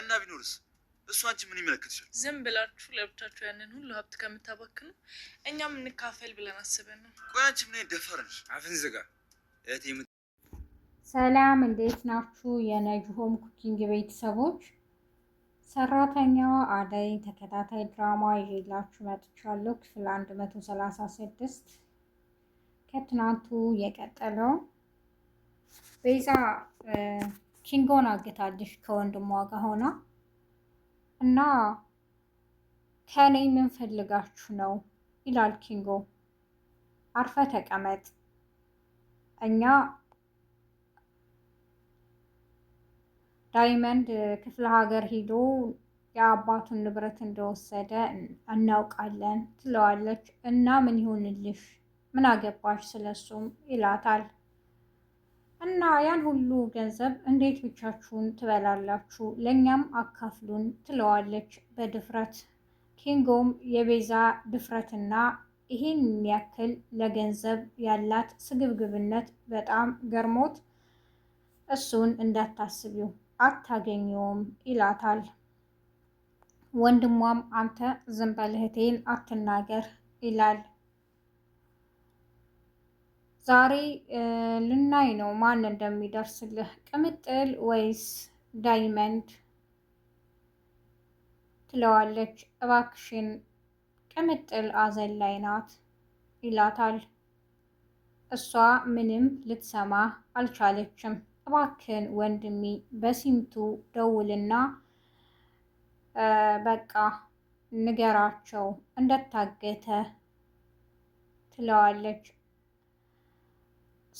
እና ቢኖርስ እሱ አንቺ ምን ይመለከትሻል? ዝም ብላችሁ ለብቻችሁ ያንን ሁሉ ሀብት ከምታባክኑ እኛም እንካፈል ብለን አስበን ነው። ቆይ አንቺ ምን ደፈር ነሽ? አፍን ዝጋ። ሰላም እንዴት ናችሁ? የነጂ ሆም ኩኪንግ ቤተሰቦች ሰራተኛዋ አደይ ተከታታይ ድራማ ይዤላችሁ መጥቻለሁ። ክፍል አንድ መቶ ሰላሳ ስድስት ከትናንቱ የቀጠለው ቤዛ ኪንጎን አግታለች ከወንድሟ ጋር ሆና እና ከእኔ ምን ፈልጋችሁ ነው ይላል ኪንጎ። አርፈ ተቀመጥ፣ እኛ ዳይመንድ ክፍለ ሀገር ሂዶ የአባቱን ንብረት እንደወሰደ እናውቃለን ትለዋለች። እና ምን ይሁንልሽ ምን አገባሽ ስለሱም ይላታል። እና ያን ሁሉ ገንዘብ እንዴት ብቻችሁን ትበላላችሁ? ለእኛም አካፍሉን ትለዋለች በድፍረት። ኪንጎም የቤዛ ድፍረትና ይህን ያክል ለገንዘብ ያላት ስግብግብነት በጣም ገርሞት እሱን እንዳታስቢው አታገኘውም ይላታል። ወንድሟም አንተ ዝም በል እህቴን አትናገር ይላል። ዛሬ ልናይ ነው ማን እንደሚደርስልህ፣ ቅምጥል ወይስ ዳይመንድ ትለዋለች። እባክሽን ቅምጥል አዘን ላይ ናት ይላታል። እሷ ምንም ልትሰማ አልቻለችም። እባክን ወንድሜ በሲምቱ ደውልና በቃ ንገራቸው እንደታገተ ትለዋለች።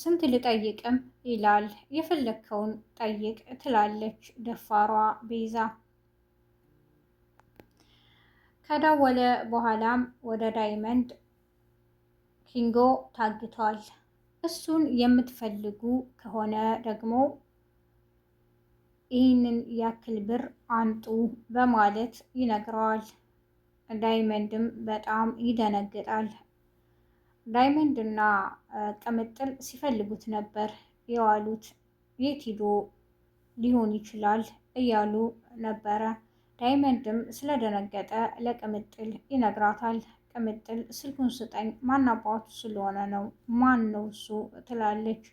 ስንት ልጠይቅም ይላል። የፈለግከውን ጠይቅ ትላለች ደፋሯ ቤዛ። ከደወለ በኋላም ወደ ዳይመንድ ኪንጎ ታግቷል። እሱን የምትፈልጉ ከሆነ ደግሞ ይህንን ያክል ብር አንጡ በማለት ይነግረዋል። ዳይመንድም በጣም ይደነግጣል። ዳይመንድ እና ቅምጥል ሲፈልጉት ነበር የዋሉት። የት ሂዶ ሊሆን ይችላል እያሉ ነበረ። ዳይመንድም ስለደነገጠ ለቅምጥል ይነግራታል። ቅምጥል ስልኩን ስጠኝ፣ ማናባቱ ስለሆነ ነው? ማን ነው እሱ ትላለች።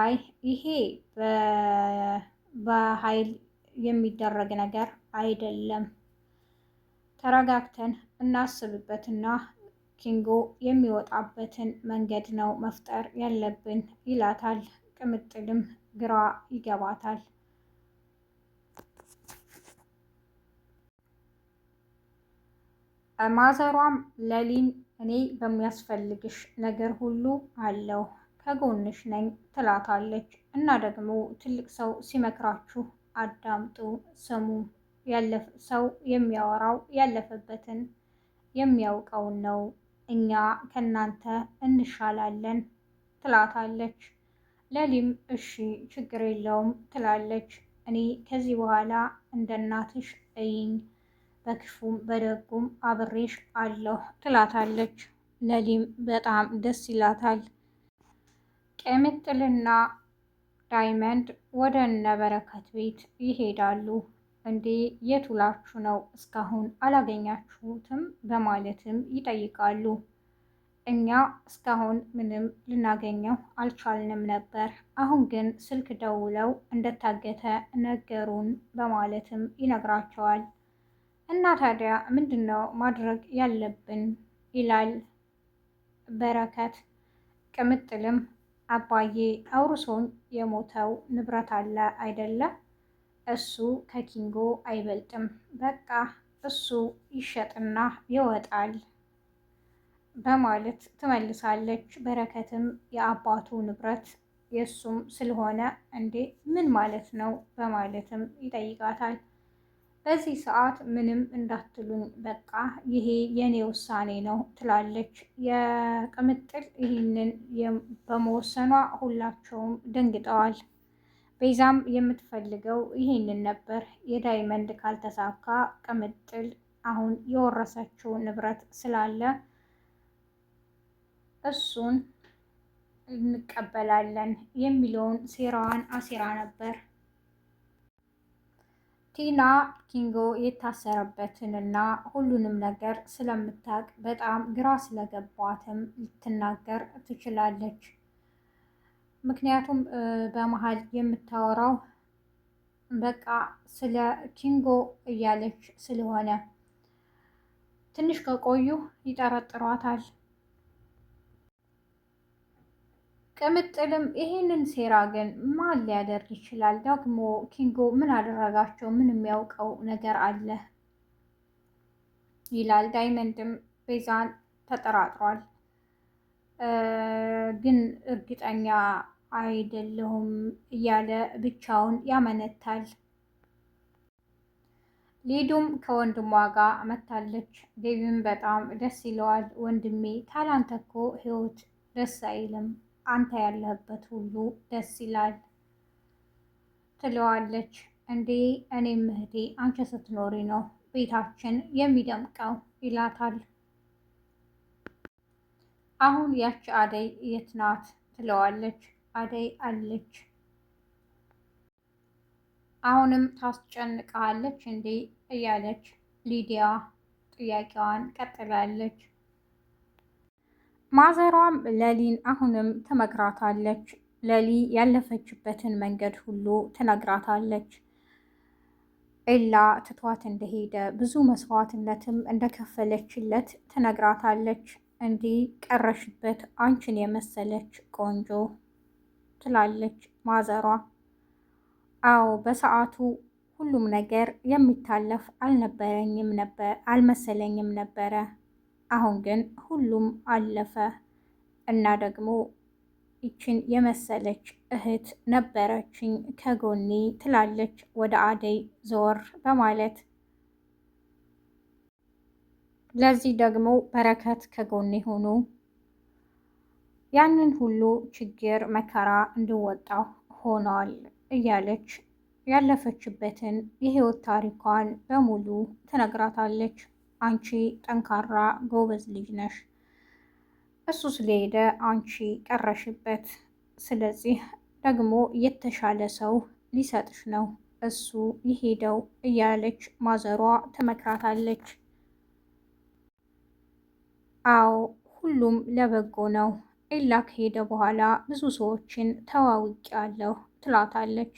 አይ ይሄ በኃይል የሚደረግ ነገር አይደለም፣ ተረጋግተን እናስብበትና ኪንጎ የሚወጣበትን መንገድ ነው መፍጠር ያለብን ይላታል። ቅምጥልም ግራ ይገባታል። ማዘሯም ለሊን እኔ በሚያስፈልግሽ ነገር ሁሉ አለው ከጎንሽ ነኝ ትላታለች። እና ደግሞ ትልቅ ሰው ሲመክራችሁ አዳምጡ፣ ስሙ። ሰው የሚያወራው ያለፈበትን የሚያውቀውን ነው እኛ ከእናንተ እንሻላለን ትላታለች። ለሊም እሺ ችግር የለውም ትላለች። እኔ ከዚህ በኋላ እንደ እናትሽ እይኝ፣ በክፉም በደጉም አብሬሽ አለሁ ትላታለች። ለሊም በጣም ደስ ይላታል። ቅምጥልና ዳይመንድ ወደ እነ በረከት ቤት ይሄዳሉ። እንዴ የት ውላችሁ ነው እስካሁን አላገኛችሁትም? በማለትም ይጠይቃሉ። እኛ እስካሁን ምንም ልናገኘው አልቻልንም ነበር፣ አሁን ግን ስልክ ደውለው እንደታገተ ነገሩን በማለትም ይነግራቸዋል። እና ታዲያ ምንድን ነው ማድረግ ያለብን? ይላል በረከት። ቅምጥልም አባዬ አውርሶኝ የሞተው ንብረት አለ አይደለም እሱ ከኪንጎ አይበልጥም። በቃ እሱ ይሸጥና ይወጣል በማለት ትመልሳለች። በረከትም የአባቱ ንብረት የእሱም ስለሆነ እንዴ ምን ማለት ነው በማለትም ይጠይቃታል። በዚህ ሰዓት ምንም እንዳትሉኝ በቃ ይሄ የኔ ውሳኔ ነው ትላለች። የቅምጥል ይህንን በመወሰኗ ሁላቸውም ደንግጠዋል። ቤዛም የምትፈልገው ይሄንን ነበር። የዳይመንድ ካልተሳካ ቅምጥል አሁን የወረሰችው ንብረት ስላለ እሱን እንቀበላለን የሚለውን ሴራዋን አሴራ ነበር። ቲና ኪንጎ የታሰረበትንና ሁሉንም ነገር ስለምታውቅ በጣም ግራ ስለገባትም ልትናገር ትችላለች። ምክንያቱም በመሀል የምታወራው በቃ ስለ ኪንጎ እያለች ስለሆነ ትንሽ ከቆዩ ይጠረጥሯታል። ቅምጥልም ይሄንን ሴራ ግን ማን ሊያደርግ ይችላል? ደግሞ ኪንጎ ምን አደረጋቸው? ምን የሚያውቀው ነገር አለ ይላል። ዳይመንድም ቤዛን ተጠራጥሯል፣ ግን እርግጠኛ አይደለሁም እያለ ብቻውን ያመነታል። ሊዱም ከወንድሟ ጋር መታለች። ዴቪም በጣም ደስ ይለዋል። ወንድሜ ታላንተ እኮ ህይወት ደስ አይልም፣ አንተ ያለህበት ሁሉ ደስ ይላል ትለዋለች። እንዴ እኔም እህቴ አንቺ ስትኖሪ ነው ቤታችን የሚደምቀው ይላታል። አሁን ያች አደይ የት ናት ትለዋለች። አደይ አለች። አሁንም ታስጨንቃለች እንዴ እያለች ሊዲያ ጥያቄዋን ቀጥላለች። ማዘሯም ለሊን አሁንም ትመክራታለች። ለሊ ያለፈችበትን መንገድ ሁሉ ትነግራታለች። ኤላ ትቷት እንደሄደ ብዙ መስዋዕትነትም እንደከፈለችለት ትነግራታለች። እንዲህ ቀረሽበት አንቺን የመሰለች ቆንጆ ትላለች ማዘሯ። አዎ በሰዓቱ ሁሉም ነገር የሚታለፍ አልነበረኝም ነበር አልመሰለኝም ነበረ። አሁን ግን ሁሉም አለፈ እና ደግሞ ይችን የመሰለች እህት ነበረችኝ ከጎኔ ትላለች ወደ አደይ ዞር በማለት ለዚህ ደግሞ በረከት ከጎኔ ሆኖ ያንን ሁሉ ችግር መከራ እንድወጣ ሆኗል እያለች ያለፈችበትን የህይወት ታሪኳን በሙሉ ትነግራታለች። አንቺ ጠንካራ ጎበዝ ልጅ ነሽ፣ እሱ ስለሄደ አንቺ ቀረሽበት። ስለዚህ ደግሞ የተሻለ ሰው ሊሰጥሽ ነው እሱ ይሄደው እያለች ማዘሯ ትመክራታለች። አዎ ሁሉም ለበጎ ነው። ኤላ ከሄደ በኋላ ብዙ ሰዎችን ተዋውቂያለሁ ትላታለች።